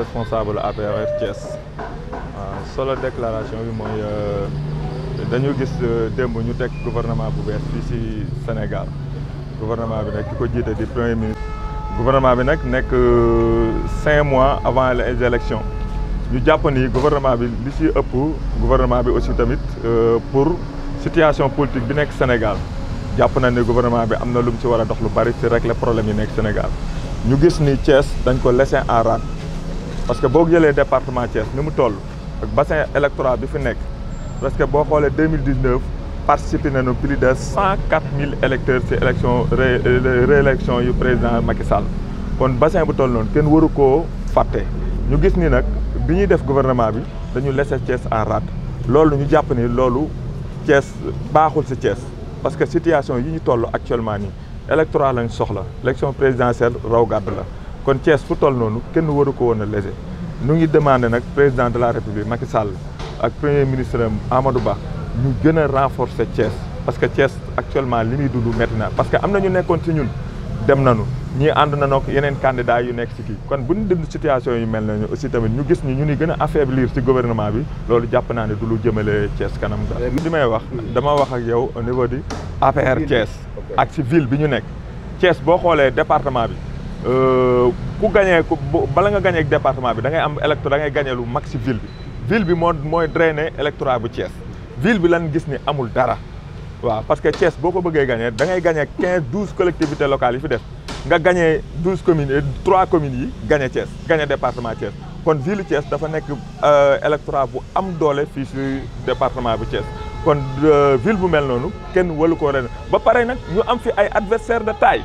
responsable APR Thiès waaw euh, solo déclaration bi mooy euh, dañu gis euh, démb ñu teg gouvernement pour ici Sénégal gouvernement avec qui ki ko di premier ministre gouvernement bi nag nekk cinq mois avant les élections ñu Japonais, ni gouvernement bi li ci ëpp gouvernement bi aussi tamit pour situation politique bi Sénégal Japonais, le ni gouvernement bi am lu ci war a dox lu bari ci régler problème yi Sénégal ñu gis ni Thiès dañ ko laisser en rade parce que avez le département Thiès bassin électoral parce que si vous deux participé plus de 104 000 électeurs ces élection réélection du président Macky Sall le bassin est là nous gouvernement bi dañu laisser en rade nous ñu ni parce que situation actuellement électorale électoral lañ soxla présidentielle raw là. kon cees fu toll noonu kenn waru ko woon a léger ñu ngi demandé nag président de la république Macky Sall ak premier ministre Amadou Ba ñu gën a renforcer Thiès parce que cees actuellement li muy dund métti na parce que am na ñu nekkoon ci ñun dem nañu ñii ànd na nag yeneen candidats yu nekk ci kii kon bu ñu dem situation yu mel ñu aussi tamit ñu gis ñu ñu ni gën a affaiblir ci bi loolu jàpp naa ne du lu jëmale Thiès kanam daal. li may wax hmm. dama wax ak yow au niveau du APR Thiès ak ci bi ñu nekk Thiès boo xoolee département bi. Euh, ku gagné ku bala nga gagné ak département bi da ngay am da ville ville bi moy ville bi lan dara parce que Thiès boko ko gagner, gagné da ngay collectivités locales yi fi def nga gagné communes eh, trois communes yi gagné Thiès gagné département Thiès kon ville Thiès dafa euh, électorat bu am doole fi le département bu Thiès kon euh, ville bu mel nonu kenn ko ba pare nak ñu am fi ay adversaire de taille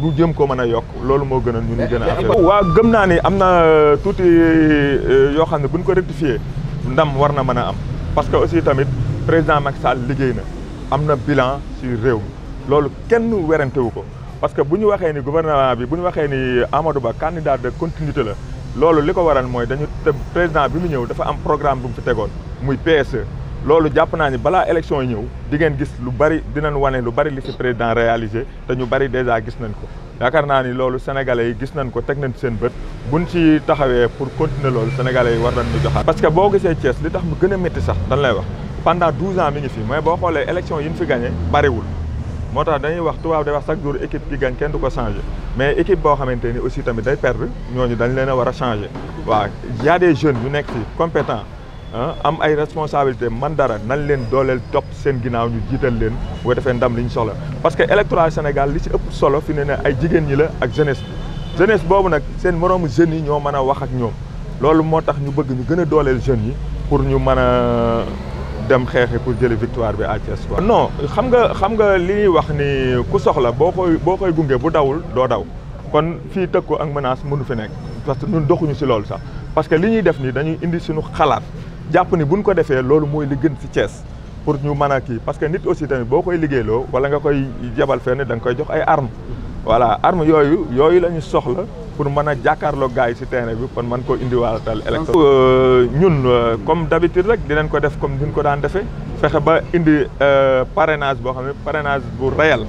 lu jëm ko mën a yokk loolu moo gën a ñu ñu gën a waa gëm naa ni am na euh, tuuti euh, yoo xam ne bu ñu ko rectifié ndam war na mën a am parce que aussi tamit président Macky Sall liggéey na am na bilan si réew mi loolu kenn werantewu ko parce que bu ñu waxee ni gouvernement bi bu ñu waxee ni amadu Ba candidat da continuté la loolu li ko waral mooy dañu président bi mu ñëw dafa am programme bu mu fi tegoon muy PSE loolu japp naa ni balaa élection yi di ngeen gis lu bari dinañ wane lu bari li ci président réalisé te ñu bari déjà gis nañ ko yaakaar naa ni loolu sénégalais yi gis nañ ko tek nañ ci seen bëtt buñ ci taxawé pour continuer loolu sénégalais yi war nañ ñu joxaat parce que bo gisee Thiès li tax mu gëna metti sax dañ lay wax pendant 12 ans mi ngi fi mais bo xolé élection yi ñu fi gagné bari wul motax dañuy wax tubaab day wax chaque jour équipe ki gagne, kenn du ko mais équipe bo xamanteni aussi tamit day perdre ñoñu dañ leena wara changer wa changé waaw y a des jeunes yu nekk ci compétents Ah, am ay responsabilité man dara nan leen dooleel topp seen ginnaaw ñu jiital leen boo defee ndam li ñu soxla parce que électorat Sénégal li si ëpp solo fi ne ne ay jigéen ñi la ak jeunesse bi boobu nag seen moroomu jeunes yi ñoo mën a wax ak ñoom loolu moo tax ñu bëgg ñu gën a dooleel jeunes yi pour ñu mën a dem xeexi pour jëli victoire bi à Thiès quoi non xam nga xam nga li ñuy wax ni ku soxla boo koy boo koy gunge bu dawul doo daw kon fii tëkku ak menace mënu fi nekk parce que ñun doxuñu si loolu sax parce que li ñuy def nii dañuy indi suñu xalaat jàpp ni buñ ko defee lolu moy li gën ci Thiès pour ñu mën a parce que nit aussi tamit bokoy koy wala nga koy jabal fenn dang koy jox ay armes voilà armes yoyu yoyu lañu soxla pour mëna jakarlo gaay ci terrain bi kon mën koo indiwaatal élection euh, ñun euh, comme d'habitude rek dinañ ko def comme duñ ko daan defee fexé ba indi euh, parrainage bo xamné parrainage bu réel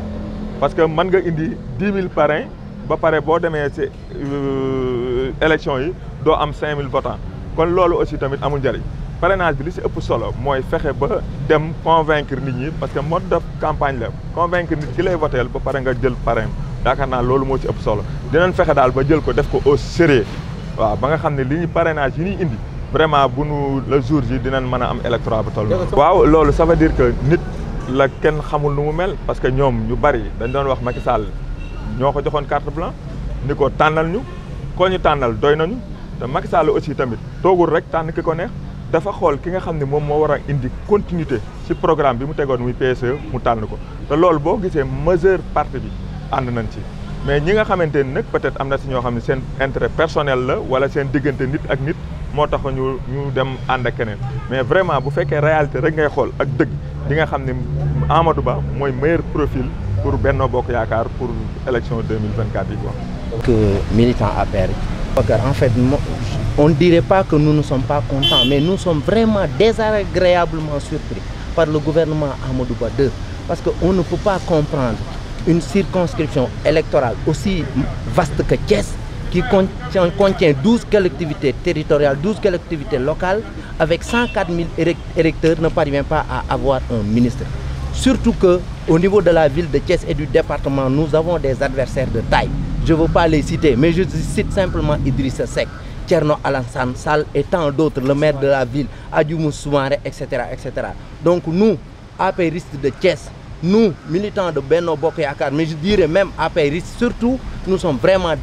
parce que man nga indi dix mille parrains ba paré bo démé ci élection yi do am 5000 votants kon lolu aussi tamit amul njariñ parrainage bi li si ëpp solo mooy fexe ba dem convaincre nit ñi parce que mode de campagne la convaincre nit ki lay voteel ba pare nga jël parrain yaakaar naa loolu moo ci ëpp solo dinañ fexe daal ba jël ko def ko au sérieux waaw ba nga xam ne li ñu parrainage yi ñuy indi vraiment bu nu le jour ji dinañ mën a am électorat bu toll waaw loolu ça veut dire que nit la kenn xamul nu mu mel parce que ñoom ñu bari dañ doon wax Macky Sall ñoo ko joxoon carte blanc ni ko tànnal ñu ko ñu tànnal doy nañu te Macky Sall aussi tamit toogul rek tànn ki ko neex dafa xool ki nga xam ne moom moo a indi continuité ci programme bi mu tegoon muy PSE mu tan ko te lool bo gisee majeure partie bi ànd nañ ci mais ñi nga xamante nak peut-être amna ci ño ñoo sen intérêt personnel la wala sen digënté nit ak nit mo tax ñu ñu dem and ak keneen mais vraiment bu féké réalité rek ngay xol ak dëgg di nga xam Amadou Ba moy meilleur profil pour Benno Bokk yaakar pour élection 2024 yi quoi. que militant APR. parce en fait on ne dirait pas que nous ne sommes pas contents, mais nous sommes vraiment désagréablement surpris par le gouvernement Amadouba II. Parce qu'on ne peut pas comprendre une circonscription électorale aussi vaste que Thiès, qui contient 12 collectivités territoriales, 12 collectivités locales, avec 104 000 électeurs, ne parvient pas à avoir un ministre. Surtout qu'au niveau de la ville de Thiès et du département, nous avons des adversaires de taille. Je ne veux pas les citer, mais je cite simplement Idrissa Seck Tcherno Alassane Sal et tant d'autres, le maire de la ville, Adjoumou Soumaré, etc., etc. Donc nous, apéristes de Thiès, nous, militants de Benno Akar, mais je dirais même apéristes, surtout, nous sommes vraiment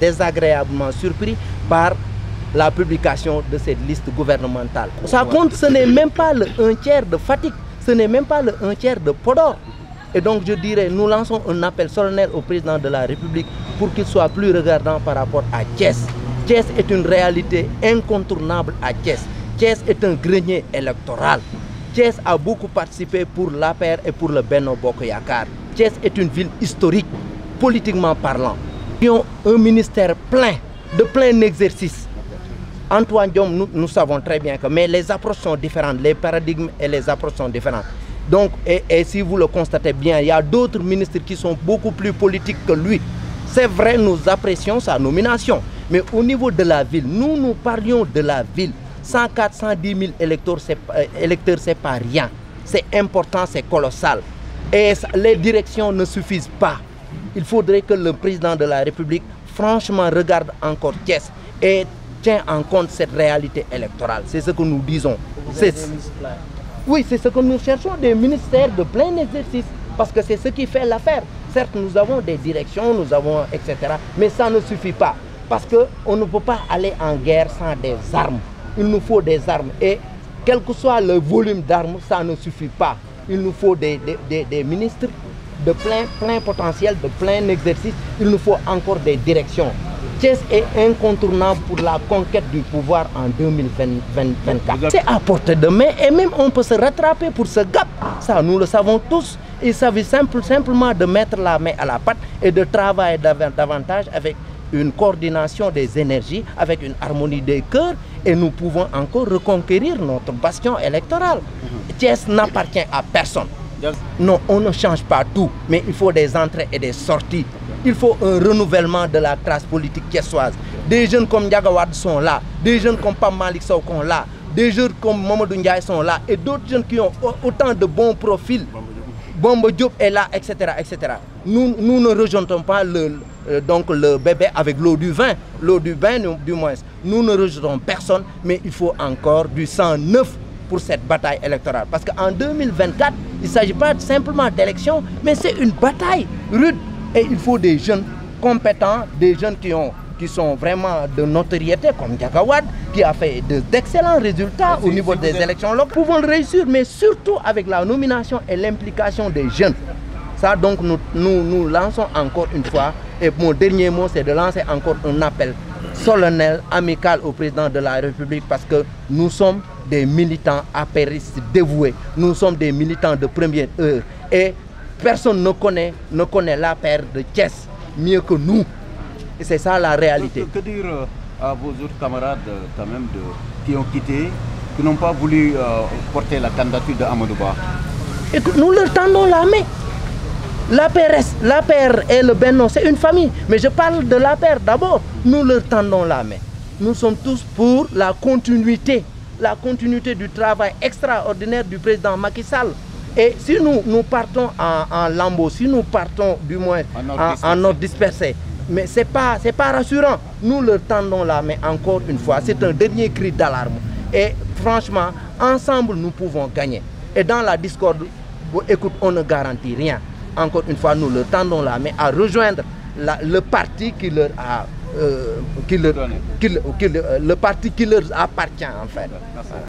désagréablement surpris par la publication de cette liste gouvernementale. Ça compte, ce n'est même pas le un tiers de fatigue, ce n'est même pas le un tiers de Podor. Et donc je dirais, nous lançons un appel solennel au président de la République pour qu'il soit plus regardant par rapport à Thiès. Thiès est une réalité incontournable à Thiès. Thiès est un grenier électoral. Thiès a beaucoup participé pour l'APR et pour le Benno Bokoyakar. Thiès est une ville historique, politiquement parlant. Nous ont un ministère plein, de plein exercice. Antoine Diom, nous, savons très bien que mais les approches sont différentes, les paradigmes et les approches sont différentes. Donc, et, et si vous le constatez bien, il y a d'autres ministres qui sont beaucoup plus politiques que lui. C'est vrai, nous apprécions sa nomination, mais au niveau de la ville, nous, nous parlions de la ville. 104, 110 000 électeurs, c'est pas rien. C'est important, c'est colossal. Et les directions ne suffisent pas. Il faudrait que le président de la République, franchement, regarde encore Thiès et tient en compte cette réalité électorale. C'est ce que nous disons. Oui, c'est ce que nous cherchons, des ministères de plein exercice, parce que c'est ce qui fait l'affaire. Certes, nous avons des directions, nous avons, etc. Mais ça ne suffit pas. Parce qu'on ne peut pas aller en guerre sans des armes. Il nous faut des armes. Et quel que soit le volume d'armes, ça ne suffit pas. Il nous faut des, ministres de plein, plein potentiel, de plein exercice. Il nous faut encore des directions. Thiès est incontournable pour la conquête du pouvoir en 2024. C'est à portée de main et même on peut se rattraper pour ce gap. Ça, nous le savons tous. Il s'agit simple, simplement de mettre la main à la patte et de travailler davantage avec une coordination des énergies, avec une harmonie des cœurs, et nous pouvons encore reconquérir notre bastion électoral. Mhm. Thiès n'appartient à personne. Non, on ne change pas tout, mais il faut des entrées et des sorties. Il faut un renouvellement de la classe politique thiessoise. Des jeunes comme Diagawad sont là, des jeunes comme Pam Malik sont là, des jeunes comme Mamadou Ndiaye sont là, et d'autres jeunes qui ont autant de bons profils. Bombo Diop est là, etc. etc. Nous, nous ne rejoignons pas le, euh, donc le bébé avec l'eau du vin, l'eau du bain du moins. Nous ne rejetons personne, mais il faut encore du sang neuf pour cette bataille électorale. Parce qu'en 2024, il ne s'agit pas simplement d'élection, mais c'est une bataille rude. Et il faut des jeunes compétents, des jeunes qui ont qui sont vraiment de notoriété, comme Gagawad, qui a fait d'excellents résultats au niveau des élections locales, pouvons réussir, mais surtout avec la nomination et l'implication des jeunes. Ça, donc, nous, nous lançons encore une fois et mon dernier mot, c'est de lancer encore un appel solennel, amical au président de la République parce que nous sommes des militants apéristes dévoués. Nous sommes des militants de première heure. Et personne ne connaît, ne connaît la paire de Thiès mieux que nous. Et c'est ça la réalité. Que, dire euh, à vos autres camarades euh, quand même qui ont quitté, qui n'ont pas voulu euh, porter la candidature de Amadouba nous leur tendons la main. La La paire et le ben non, c'est une famille. Mais je parle de la paire d'abord. Nous leur tendons la main. Nous sommes tous pour la continuité, la continuité du travail extraordinaire du président Macky Sall. Et si nous, nous partons en, lambeau, si nous partons du moins en ordre dispersé, mais ce n'est pas, pas rassurant. Nous leur tendons la main encore une fois. C'est un dernier cri d'alarme. Et franchement, ensemble, nous pouvons gagner. Et dans la discorde, écoute, on ne garantit rien encore une fois, nous le tendons la main à rejoindre le parti qui leur a euh, qui le, euh, le parti qui leur appartient en fait.